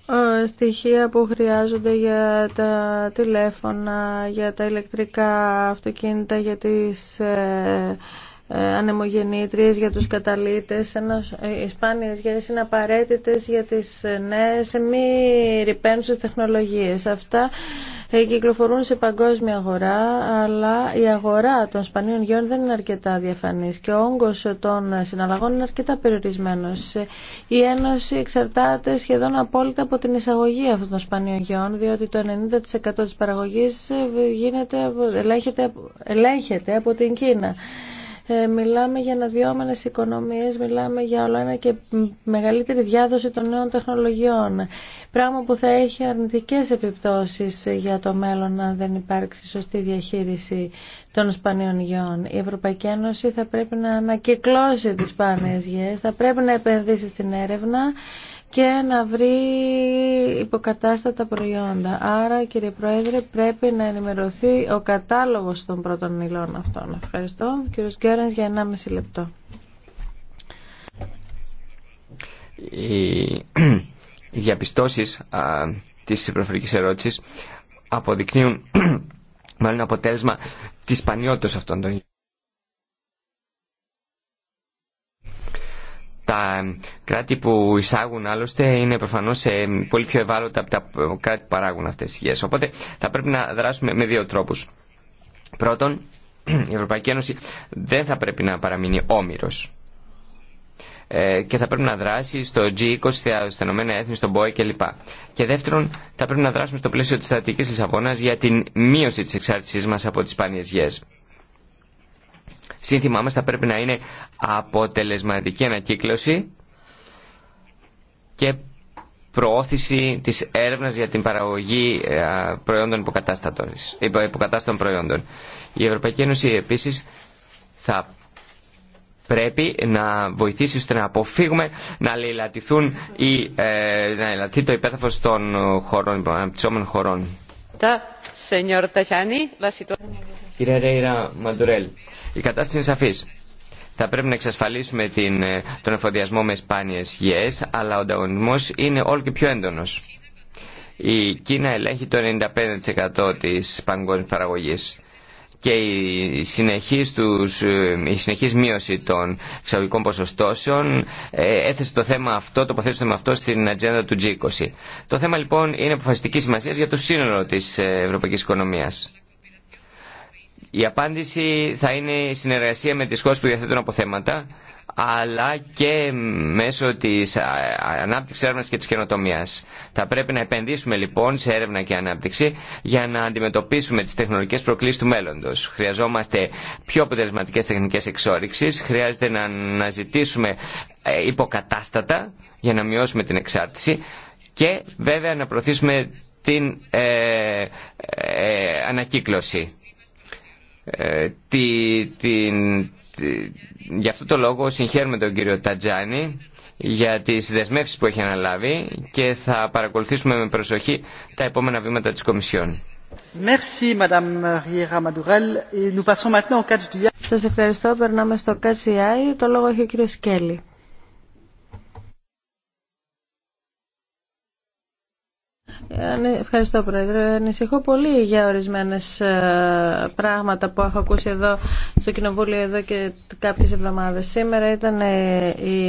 ε, στοιχεία που χρειάζονται για τα τηλέφωνα, για τα ηλεκτρικά αυτοκίνητα, για τις ε, ε, ανεμογεννήτριες, για τους καταλήτες, οι ε, σπάνιες γέες είναι απαραίτητες για τις ε, νέες μη ρηπαίνουσες τεχνολογίες. Αυτά κυκλοφορούν σε παγκόσμια αγορά, αλλά η αγορά των σπανίων γεών δεν είναι αρκετά διαφανής και ο όγκος των συναλλαγών είναι αρκετά περιορισμένος. Η Ένωση εξαρτάται σχεδόν απόλυτα από την εισαγωγή αυτών των σπανίων γεών, διότι το 90% της παραγωγής γίνεται, ελέγχεται, ελέγχεται από την Κίνα. Ε, μιλάμε για αναδυόμενες οικονομίες, μιλάμε για όλο ένα και μεγαλύτερη διάδοση των νέων τεχνολογιών. Πράγμα που θα έχει αρνητικές επιπτώσεις για το μέλλον αν δεν υπάρξει σωστή διαχείριση των σπανίων γεών. Η Ευρωπαϊκή Ένωση θα πρέπει να ανακυκλώσει τις σπάνιες γεές, θα πρέπει να επενδύσει στην έρευνα και να βρει υποκατάστατα προϊόντα. Άρα, κύριε Πρόεδρε, πρέπει να ενημερωθεί ο κατάλογος των πρώτων υλών αυτών. Ευχαριστώ. Κύριος Γκέρενς για 1,5 λεπτό. Οι (clears throat) διαπιστώσεις α, της προφορικής ερώτησης αποδεικνύουν (clears throat) μάλλον αποτέλεσμα της σπανιότητας αυτών των Τα κράτη που εισάγουν άλλωστε είναι προφανώ ε, πολύ πιο ευάλωτα από τα κράτη που παράγουν αυτέ τι χιλιές. Οπότε θα πρέπει να δράσουμε με δύο τρόπου. Πρώτον, η Ευρωπαϊκή Ένωση δεν θα πρέπει να παραμείνει όμοιρος ε, και θα πρέπει να δράσει στο G20, στα Ηνωμένα Έθνη, στον ΠΟΕ κλπ. Και δεύτερον, θα πρέπει να δράσουμε στο πλαίσιο τη στρατηγική Λισαβόνα για την μείωση τη εξάρτησή μα από τι σπάνιε γιέ σύνθημά μας θα πρέπει να είναι αποτελεσματική ανακύκλωση και προώθηση της έρευνας για την παραγωγή ε, προϊόντων υποκατάστατων προϊόντων. Η Ευρωπαϊκή Ένωση επίσης θα πρέπει να βοηθήσει ώστε να αποφύγουμε να λαιλατηθούν ή ε, να λαιλατεί το υπέθαφος των χωρών, των αναπτυσσόμενων χωρών. Κύριε η κατάσταση είναι σαφής. Θα πρέπει να εξασφαλίσουμε ε, τον εφοδιασμό με σπάνιες γηές, αλλά ο ανταγωνισμός είναι όλο και πιο έντονος. Η Κίνα ελέγχει το 95% της παγκόσμιας παραγωγής και η συνεχής, ε, μείωση των εξαγωγικών ποσοστώσεων ε, έθεσε το θέμα αυτό, τοποθέτησε το θέμα αυτό στην ατζέντα του G20. Το θέμα λοιπόν είναι αποφασιστική σημασία για το σύνολο της ευρωπαϊκής οικονομίας. Η απάντηση θα είναι η συνεργασία με τις χώρες που διαθέτουν αποθέματα, αλλά και μέσω της ανάπτυξης έρευνας και της καινοτομίας. Θα πρέπει να επενδύσουμε λοιπόν σε έρευνα και ανάπτυξη για να αντιμετωπίσουμε τις τεχνολογικές προκλήσεις του μέλλοντος. Χρειαζόμαστε πιο αποτελεσματικές τεχνικές εξόριξης, χρειάζεται να αναζητήσουμε ε, υποκατάστατα για να μειώσουμε την εξάρτηση και βέβαια να προωθήσουμε την ε, ε, ανακύκλωση. Ε, τη, γι' αυτό το λόγο συγχαίρουμε τον κύριο Τατζάνη για τις δεσμεύσεις που έχει αναλάβει και θα παρακολουθήσουμε με προσοχή τα επόμενα βήματα της Κομισιόν. Σας ευχαριστώ. Περνάμε στο ΚΑΤΣΙΑΙ. Το λόγο έχει ο κύριος Κέλλη. Ευχαριστώ Πρόεδρε. Ανησυχώ πολύ για ορισμένες ε, πράγματα που έχω ακούσει εδώ στο Κοινοβούλιο εδώ και κάποιες εβδομάδες. Σήμερα ήταν ε, η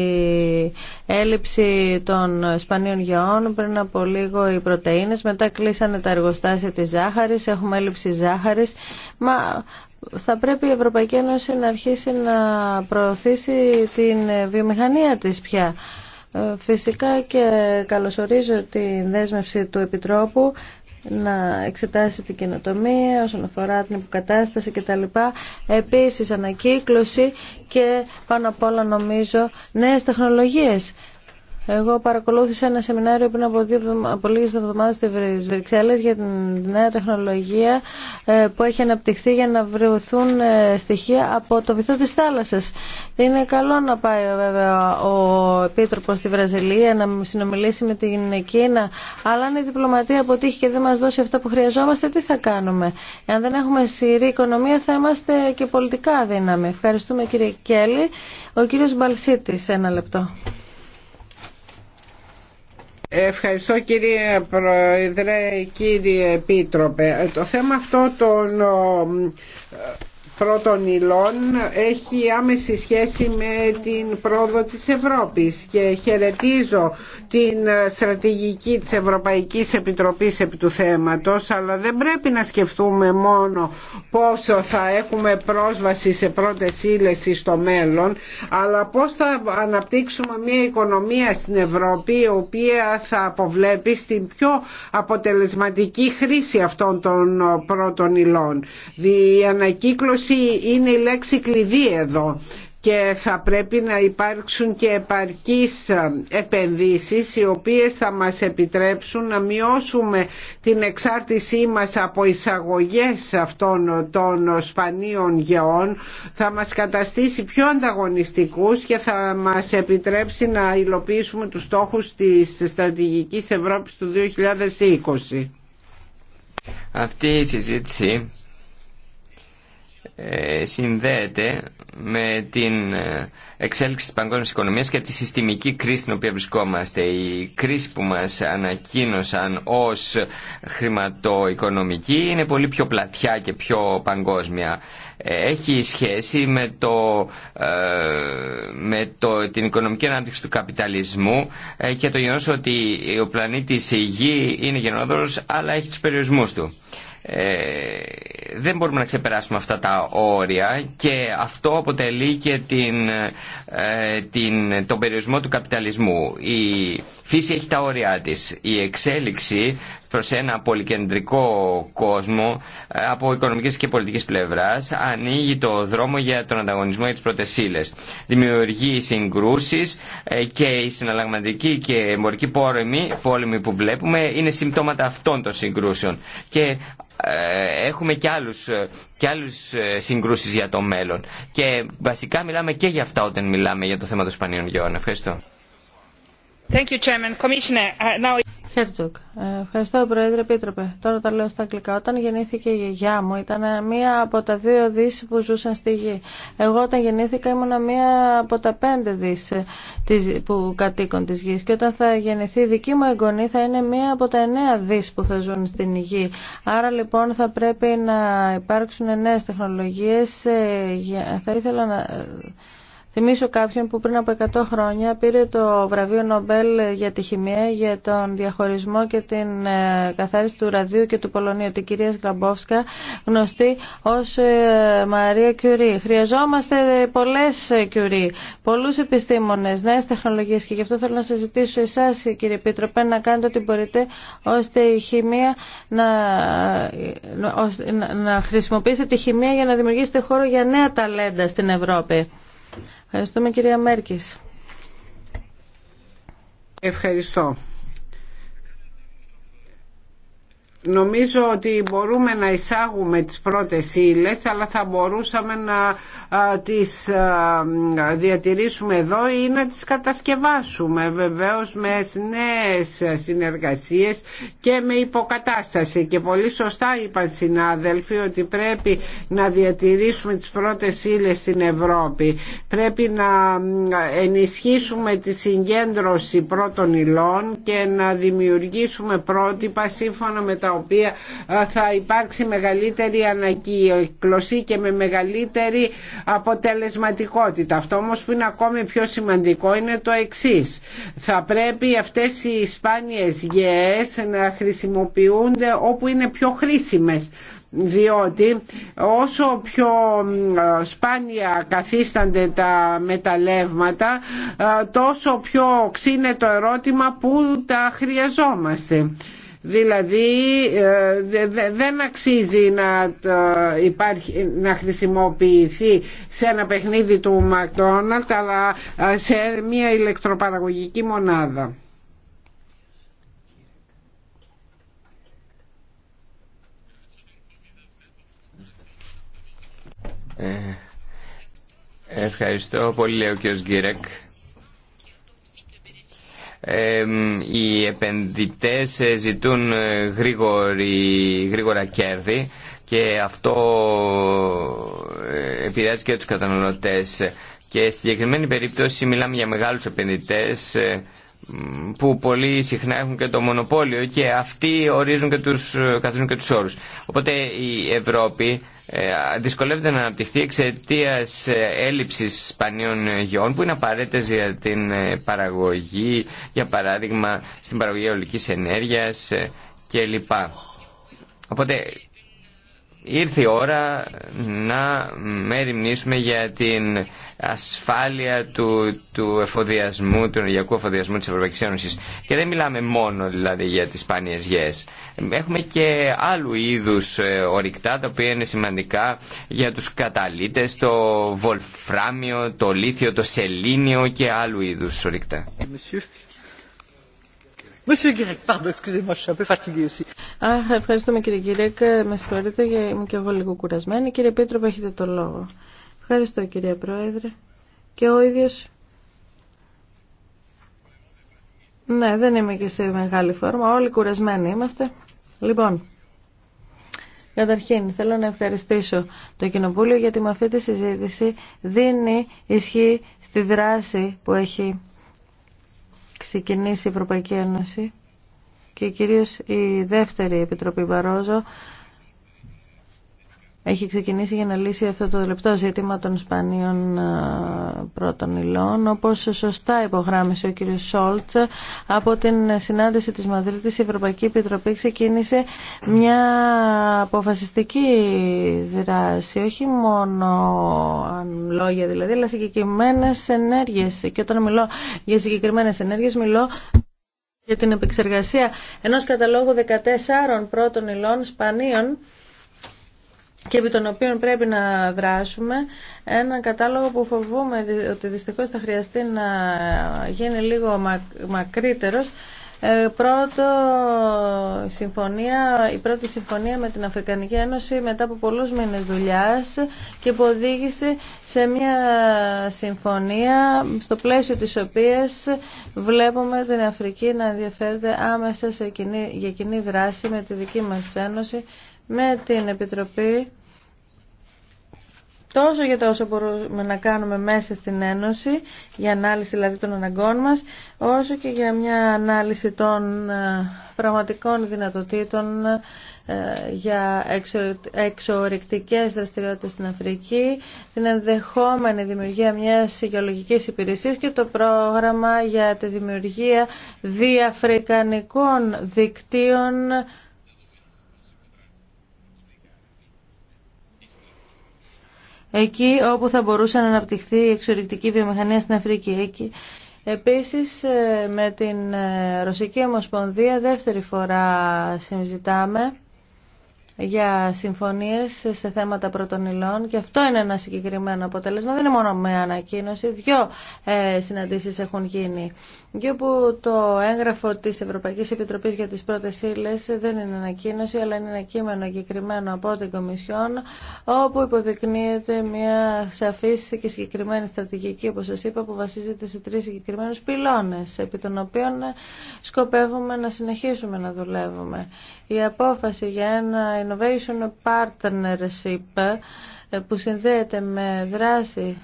έλλειψη των σπανίων γεών, πριν από λίγο οι πρωτενε, μετά κλείσανε τα εργοστάσια της ζάχαρης, έχουμε έλλειψη ζάχαρης. Μα θα πρέπει η Ευρωπαϊκή Ένωση να αρχίσει να προωθήσει την βιομηχανία της πια. Ε, φυσικά και καλωσορίζω την δέσμευση του Επιτρόπου να εξετάσει την καινοτομία όσον αφορά την υποκατάσταση κτλ. Επίσης ανακύκλωση και πάνω απ' όλα νομίζω νέες τεχνολογίες. Εγώ παρακολούθησα ένα σεμινάριο πριν από, δύο, από λίγες εβδομάδες στη Βρυξέλλες για την νέα τεχνολογία ε, που έχει αναπτυχθεί για να βρεθούν ε, στοιχεία από το βυθό της θάλασσας. Είναι καλό να πάει βέβαια ο Επίτροπος στη Βραζιλία να συνομιλήσει με την Κίνα, αλλά αν η διπλωματία αποτύχει και δεν μας δώσει αυτό που χρειαζόμαστε, τι θα κάνουμε. Αν δεν έχουμε σειρή οικονομία θα είμαστε και πολιτικά δύναμη. Ευχαριστούμε κύριε Κέλλη. Ο κύριος Μπαλσίτης, ένα λεπτό. Ευχαριστώ κύριε Πρόεδρε, κύριε Επίτροπε. Ε, το θέμα αυτό τον πρώτων έχει άμεση σχέση με την πρόοδο της Ευρώπης και χαιρετίζω την στρατηγική της Ευρωπαϊκής Επιτροπής επί του θέματος αλλά δεν πρέπει να σκεφτούμε μόνο πόσο θα έχουμε πρόσβαση σε πρώτες ύλες στο μέλλον αλλά πώς θα αναπτύξουμε μια οικονομία στην Ευρώπη η οποία θα αποβλέπει στην πιο αποτελεσματική χρήση αυτών των πρώτων υλών. Η ανακύκλωση είναι η λέξη κλειδί εδώ και θα πρέπει να υπάρξουν και επαρκείς επενδύσεις οι οποίες θα μας επιτρέψουν να μειώσουμε την εξάρτησή μας από εισαγωγές αυτών των σπανίων γεών θα μας καταστήσει πιο ανταγωνιστικούς και θα μας επιτρέψει να υλοποιήσουμε τους στόχους της στρατηγικής Ευρώπης του 2020. Αυτή η συζήτηση ε, συνδέεται με την ε, εξέλιξη της παγκόσμιας οικονομίας και τη συστημική κρίση στην οποία βρισκόμαστε. Η κρίση που μας ανακοίνωσαν ως χρηματοοικονομική είναι πολύ πιο πλατιά και πιο παγκόσμια. Ε, έχει σχέση με, το, το, την οικονομική ανάπτυξη του καπιταλισμού και το γεγονός ότι ο πλανήτης η Γη είναι γενόδωρος αλλά έχει τους περιορισμούς του. Ε, δεν μπορούμε να ξεπεράσουμε αυτά τα όρια και αυτό αποτελεί και την, ε, την, τον περιορισμό του καπιταλισμού. Η φύση έχει τα όρια της. Η εξέλιξη προς ένα πολυκεντρικό κόσμο ε, από οικονομικής και πολιτικής πλευράς ανοίγει το δρόμο για τον ανταγωνισμό για τις πρώτες ύλες. Δημιουργεί συγκρούσεις ε, και η συναλλαγματική και εμπορική πόλεμη, που βλέπουμε είναι συμπτώματα αυτών των συγκρούσεων. Και ε, έχουμε και άλλους, και άλλους συγκρούσεις για το μέλλον. Και βασικά μιλάμε και για αυτά όταν μιλάμε για το θέμα των σπανίων γεών. Ευχαριστώ. Χέρτζοκ. Ε, ευχαριστώ, Πρόεδρε Επίτροπε. Τώρα τα λέω στα αγγλικά. Όταν γεννήθηκε η γιαγιά μου, ήταν μία από τα δύο δύσει που ζούσαν στη γη. Εγώ όταν γεννήθηκα ήμουν μία από τα πέντε δύσει που κατοίκων τη γη. Και όταν θα γεννηθεί η δική μου εγγονή θα είναι μία από τα εννέα δύσει που θα ζουν στην γη. Άρα λοιπόν θα πρέπει να υπάρξουν νέε τεχνολογίες. Ε, θα ήθελα να... Θυμίσω κάποιον που πριν από 100 χρόνια πήρε το βραβείο Νομπέλ για τη χημεία για τον διαχωρισμό και την ε, καθάριση του ραδίου και του πολωνίου, την κυρία Σκραμπόφσκα, γνωστή ως ε, Μαρία Κιουρί. Χρειαζόμαστε πολλές ε, Κιουρί, πολλούς επιστήμονες, νέες τεχνολογίες και γι' αυτό θέλω να σας ζητήσω εσάς κύριε Πίτροπε να κάνετε ό,τι μπορείτε ώστε η χημεία να, να χρησιμοποιήσετε τη χημία για να δημιουργήσετε χώρο για νέα ταλέντα στην Ευρώπη. Ευχαριστούμε κυρία Μέρκης. Ευχαριστώ. Νομίζω ότι μπορούμε να εισάγουμε τις πρώτες ύλε, αλλά θα μπορούσαμε να τις διατηρήσουμε εδώ ή να τις κατασκευάσουμε βεβαίως με νέες συνεργασίες και με υποκατάσταση. Και πολύ σωστά είπαν συνάδελφοι ότι πρέπει να διατηρήσουμε τις πρώτες ύλε στην Ευρώπη. Πρέπει να ενισχύσουμε τη συγκέντρωση πρώτων υλών και να δημιουργήσουμε πρότυπα σύμφωνα με τα οποία ε, θα υπάρξει μεγαλύτερη ανακύκλωση και με μεγαλύτερη αποτελεσματικότητα. Αυτό όμως που είναι ακόμη πιο σημαντικό είναι το εξής. Θα πρέπει αυτές οι σπάνιες γεές να χρησιμοποιούνται όπου είναι πιο χρήσιμες διότι όσο πιο ε, σπάνια καθίστανται τα μεταλλεύματα ε, τόσο πιο ξύνε το ερώτημα που τα χρειαζόμαστε. Δηλαδή ε, δεν αξίζει να, υπάρχει, να χρησιμοποιηθεί σε ένα παιχνίδι του McDonald's αλλά ε, σε μια ηλεκτροπαραγωγική μονάδα. Ε, ευχαριστώ πολύ, λέει ο Γκίρεκ οι επενδυτές ε, ζητούν ε, γρήγορη, γρήγορα κέρδη και αυτό ε, επηρεάζει και τους καταναλωτές. Και στη συγκεκριμένη περίπτωση μιλάμε για μεγάλους επενδυτές που πολύ συχνά έχουν και το μονοπόλιο και αυτοί ορίζουν και τους, ε, καθίζουν και τους όρους. Οπότε η Ευρώπη ε, δυσκολεύεται να αναπτυχθεί εξαιτία ε, έλλειψη σπανίων γεών που είναι απαραίτητε για την παραγωγή, για παράδειγμα στην παραγωγή ολικής ενέργειας κλπ. Οπότε Ήρθε η ώρα να μεριμνήσουμε για την ασφάλεια του, του εφοδιασμού, του ενεργειακού εφοδιασμού της Ευρωπαϊκής Ένωσης. Και δεν μιλάμε μόνο δηλαδή για τις σπάνιες γης. Έχουμε και άλλου είδους ε, ορυκτά τα οποία είναι σημαντικά για τους καταλύτες, το βολφράμιο, το λίθιο, το σελήνιο και άλλου είδους ορυκτά. Ε, Ευχαριστούμε κύριε Γκυρέκ. Με συγχωρείτε, είμαι και εγώ λίγο κουρασμένη. Κύριε Πίτροπο, έχετε το λόγο. Ευχαριστώ κύριε Πρόεδρε. Και ο ίδιος... Ναι, δεν είμαι και σε μεγάλη φόρμα. Όλοι κουρασμένοι είμαστε. Λοιπόν, καταρχήν θέλω να ευχαριστήσω το Κοινοβούλιο γιατί με αυτή τη συζήτηση δίνει ισχύ στη δράση που έχει ξεκινήσει η Ευρωπαϊκή Ένωση και κυρίως η δεύτερη Επιτροπή Βαρόζο έχει ξεκινήσει για να λύσει αυτό το λεπτό ζήτημα των σπανίων πρώτων υλών. Όπως σωστά υπογράμμισε ο κ. Σόλτ, από την συνάντηση της Μαδρίτης η Ευρωπαϊκή Επιτροπή ξεκίνησε μια αποφασιστική δράση, όχι μόνο λόγια δηλαδή, αλλά συγκεκριμένε ενέργειες. Και όταν μιλώ για συγκεκριμένες ενέργειες, μιλώ για την επεξεργασία ενός καταλόγου 14 πρώτων υλών σπανίων, και επί των οποίων πρέπει να δράσουμε έναν κατάλογο που φοβούμε ότι δυστυχώς θα χρειαστεί να γίνει λίγο μακρύτερος ε, πρώτο συμφωνία, η πρώτη συμφωνία με την Αφρικανική Ένωση μετά από πολλούς μήνες δουλειάς και που οδήγησε σε μια συμφωνία στο πλαίσιο της οποίας βλέπουμε την Αφρική να ενδιαφέρεται άμεσα σε κοινή, για κοινή δράση με τη δική μας Ένωση με την Επιτροπή τόσο για τα όσο μπορούμε να κάνουμε μέσα στην Ένωση, για ανάλυση δηλαδή των αναγκών μας, όσο και για μια ανάλυση των ε, πραγματικών δυνατοτήτων ε, για εξορρυκτικές δραστηριότητες στην Αφρική, την ενδεχόμενη δημιουργία μιας γεωλογικής υπηρεσίας και το πρόγραμμα για τη δημιουργία διαφρικανικών δικτύων εκεί όπου θα μπορούσε να αναπτυχθεί η εξορρυκτική βιομηχανία στην Αφρική. Εκεί. Επίσης ε, με την ε, Ρωσική Ομοσπονδία δεύτερη φορά συζητάμε για συμφωνίες σε θέματα πρώτων υλών και αυτό είναι ένα συγκεκριμένο αποτέλεσμα. Δεν είναι μόνο με ανακοίνωση, δυο ε, συναντήσεις έχουν γίνει. Και όπου το έγγραφο της Ευρωπαϊκής Επιτροπής για τις πρώτες ύλες δεν είναι ανακοίνωση, αλλά είναι ένα κείμενο εγκεκριμένο από την Κομισιόν, όπου υποδεικνύεται μια σαφής και συγκεκριμένη στρατηγική, όπως σας είπα, που βασίζεται σε τρεις συγκεκριμένους πυλώνες, επί των οποίων σκοπεύουμε να συνεχίσουμε να δουλεύουμε. Η απόφαση για ένα Innovation Partnership ε, που συνδέεται με δράση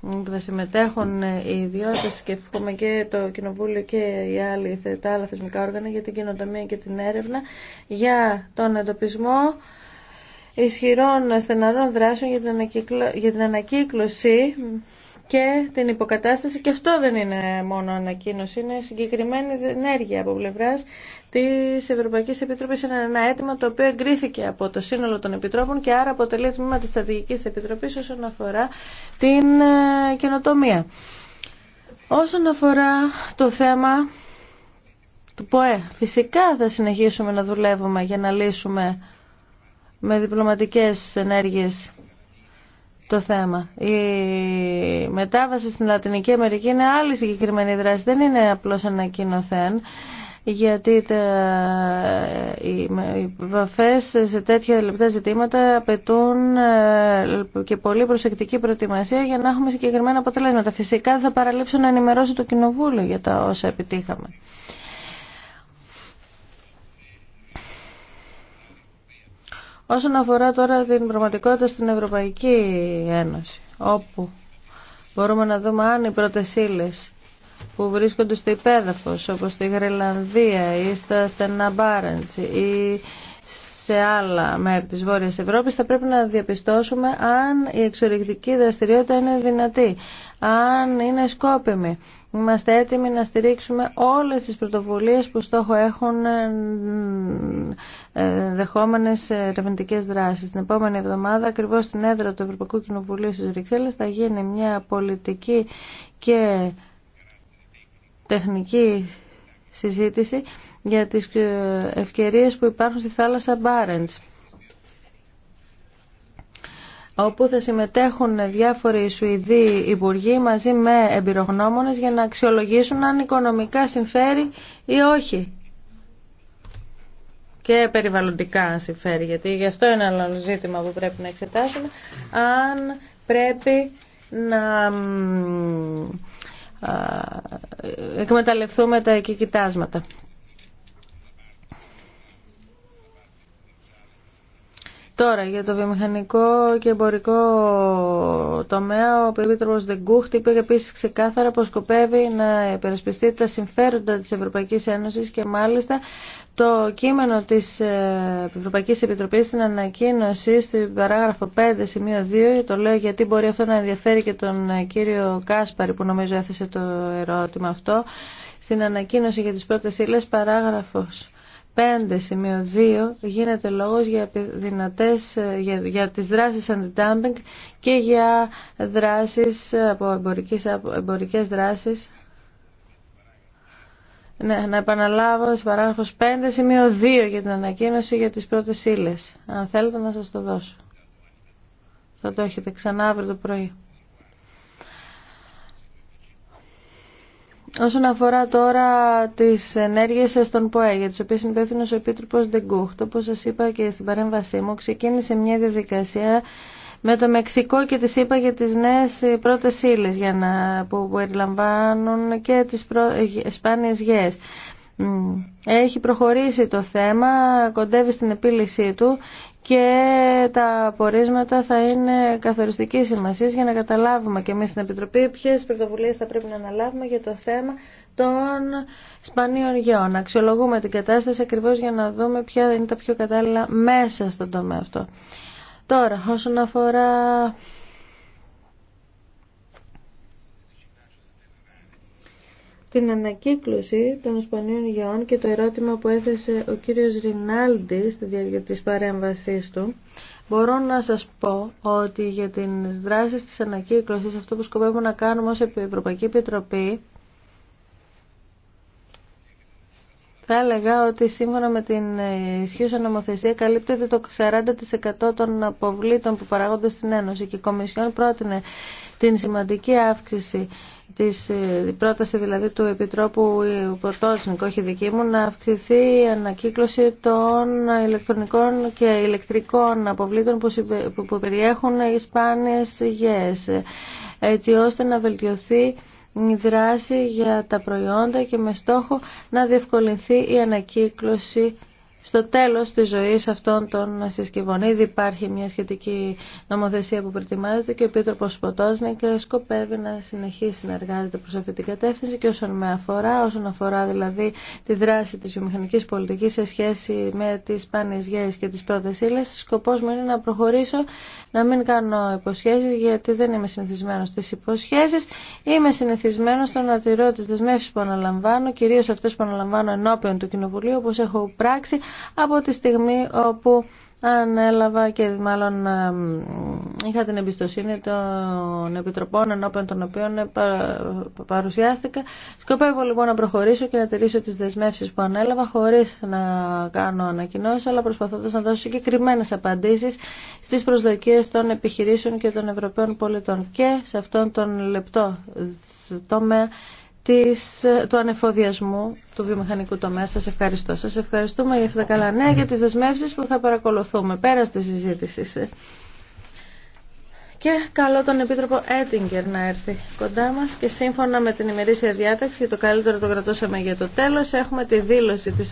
που θα συμμετέχουν οι ιδιώτες και εύχομαι και το Κοινοβούλιο και οι άλλοι, τα άλλα θεσμικά όργανα για την κοινοτομία και την έρευνα για τον εντοπισμό ισχυρών στεναρών δράσεων για την ανακύκλωση και την υποκατάσταση και αυτό δεν είναι μόνο ανακοίνωση, είναι συγκεκριμένη ενέργεια από πλευρά τη Ευρωπαϊκή Επιτροπή. Είναι ένα αίτημα το οποίο εγκρίθηκε από το σύνολο των Επιτρόπων και άρα αποτελεί τμήμα τη Στρατηγική Επιτροπή όσον αφορά την ε, καινοτομία. Όσον αφορά το θέμα του ΠΟΕ, φυσικά θα συνεχίσουμε να δουλεύουμε για να λύσουμε με διπλωματικές ενέργειες το θέμα. Η μετάβαση στην Λατινική Αμερική είναι άλλη συγκεκριμένη δράση. Δεν είναι απλώς ανακοινωθέν γιατί τα, οι, οι σε τέτοια λεπτά ζητήματα απαιτούν ε, και πολύ προσεκτική προετοιμασία για να έχουμε συγκεκριμένα αποτελέσματα. Φυσικά θα παραλείψω να ενημερώσω το Κοινοβούλιο για τα όσα επιτύχαμε. Όσον αφορά τώρα την πραγματικότητα στην Ευρωπαϊκή Ένωση, όπου μπορούμε να δούμε αν οι πρώτες που βρίσκονται στο υπέδαφος, όπως στη Γρελανδία ή στα στενά Μπάρεντς ή σε άλλα μέρη της Βόρειας Ευρώπης θα πρέπει να διαπιστώσουμε αν η εξορυκτική δραστηριότητα είναι δυνατή, αν είναι σκόπιμη Είμαστε έτοιμοι να στηρίξουμε όλες τις πρωτοβουλίες που στόχο έχουν ε, ε, δεχόμενες ερευνητικές δράσεις. Την επόμενη εβδομάδα, ακριβώς στην έδρα του Ευρωπαϊκού Κοινοβουλίου στις Βρυξέλλες, θα γίνει μια πολιτική και τεχνική συζήτηση για τις ε, ευκαιρίες που υπάρχουν στη θάλασσα Μπάρεντς όπου θα συμμετέχουν διάφοροι Σουηδοί υπουργοί μαζί με εμπειρογνώμονες για να αξιολογήσουν αν οικονομικά συμφέρει ή όχι. Και περιβαλλοντικά συμφέρει, γιατί γι' αυτό είναι ένα ζήτημα που πρέπει να εξετάσουμε. Αν πρέπει να εκμεταλλευτούμε τα εκεί κοιτάσματα. Τώρα για το βιομηχανικό και εμπορικό τομέα ο Επίτροπος Δεγκούχτ είπε επίση ξεκάθαρα πως σκοπεύει να υπερασπιστεί τα συμφέροντα τη Ευρωπαϊκή Ένωση και μάλιστα το κείμενο τη ε, Ευρωπαϊκή Επιτροπή, στην ανακοίνωση στην παράγραφο 5 σημείο 2 το λέω γιατί μπορεί αυτό να ενδιαφέρει και τον ε, κύριο Κάσπαρη που νομίζω έθεσε το ερώτημα αυτό στην ανακοίνωση για τι πρώτε ύλε, παράγραφο. 5.2 γίνεται λόγος για, δυνατές, ε, για, για τις δράσεις αντι-dumping και για δράσεις ε, από εμπορικές, από εμπορικές δράσεις. Ναι, να επαναλάβω σε παράγραφος 5 σημείο 2 για την ανακοίνωση για τις πρώτες ύλες. Αν θέλετε να σας το δώσω. Θα το έχετε ξανά αύριο το πρωί. Όσον αφορά τώρα τις ενέργειες στον ΠΟΕ, για τις οποίες είναι υπεύθυνο ο Επίτροπος Ντεγκούχτ, όπως σας είπα και στην παρέμβασή μου, ξεκίνησε μια διαδικασία με το Μεξικό και τις είπα για τις νέες ε, πρώτες ύλε για να, που περιλαμβάνουν και τις προ, ε, σπάνιες Έχει προχωρήσει το θέμα, κοντεύει στην επίλυσή του και τα απορίσματα θα είναι καθοριστική σημασία για να καταλάβουμε και εμείς στην Επιτροπή ποιες πρωτοβουλίε θα πρέπει να αναλάβουμε για το θέμα των σπανίων γεών. Αξιολογούμε την κατάσταση ακριβώς για να δούμε ποια είναι τα πιο κατάλληλα μέσα στον τομέα αυτό. Τώρα, όσον αφορά την ανακύκλωση των Ισπανίων γεών και το ερώτημα που έθεσε ο κύριος Ρινάλντι στη διάρκεια της παρέμβασής του, μπορώ να σας πω ότι για την δράση της ανακύκλωσης, αυτό που σκοπεύουμε να κάνουμε ως Ευρωπαϊκή Επιτροπή, Θα έλεγα ότι σύμφωνα με την ισχύουσα νομοθεσία καλύπτεται το 40% των αποβλήτων που παράγονται στην Ένωση και η Κομισιόν πρότεινε την σημαντική αύξηση της ε, πρόταση δηλαδή του Επιτρόπου Ποτόσνικ, όχι δική μου, να αυξηθεί η ανακύκλωση των ηλεκτρονικών και ηλεκτρικών αποβλήτων που, περιέχουν οι σπάνιες γεές, έτσι ώστε να βελτιωθεί η δράση για τα προϊόντα και με στόχο να διευκολυνθεί η ανακύκλωση στο τέλος της ζωής αυτών των συσκευών. Ήδη υπάρχει μια σχετική νομοθεσία που προετοιμάζεται και ο Επίτροπος και σκοπεύει να συνεχίσει να εργάζεται προς αυτή την κατεύθυνση και όσον με αφορά, όσον αφορά δηλαδή τη δράση της βιομηχανικής πολιτικής σε σχέση με τις πάνιες γέες και τις πρώτες ύλες, σκοπός μου είναι να προχωρήσω, να μην κάνω υποσχέσεις γιατί δεν είμαι συνηθισμένος στις υποσχέσεις, είμαι συνηθισμένος στο να τηρώ τις δεσμεύσεις που αναλαμβάνω, κυρίως αυτές που αναλαμβάνω ενώπιον του Κοινοβουλίου, όπως έχω πράξει από τη στιγμή όπου ανέλαβα και μάλλον ε, είχα την εμπιστοσύνη των επιτροπών ενώπιον των οποίων ε, παρουσιάστηκα. Σκοπεύω λοιπόν να προχωρήσω και να τηρήσω τις δεσμεύσεις που ανέλαβα χωρίς να κάνω ανακοινώσεις αλλά προσπαθώντας να δώσω συγκεκριμένε απαντήσεις στις προσδοκίες των επιχειρήσεων και των Ευρωπαίων πολιτών και σε αυτόν τον λεπτό τομέα της, ε, του ανεφοδιασμού του βιομηχανικού τομέα. Σας ευχαριστώ. Σας ευχαριστούμε για αυτά τα καλά νέα, για τις δεσμεύσεις που θα παρακολουθούμε πέρα τη συζήτηση. Και καλό τον Επίτροπο Έτιγκερ να έρθει κοντά μας και σύμφωνα με την ημερήσια διάταξη, το καλύτερο το κρατούσαμε για το τέλος, έχουμε τη δήλωση της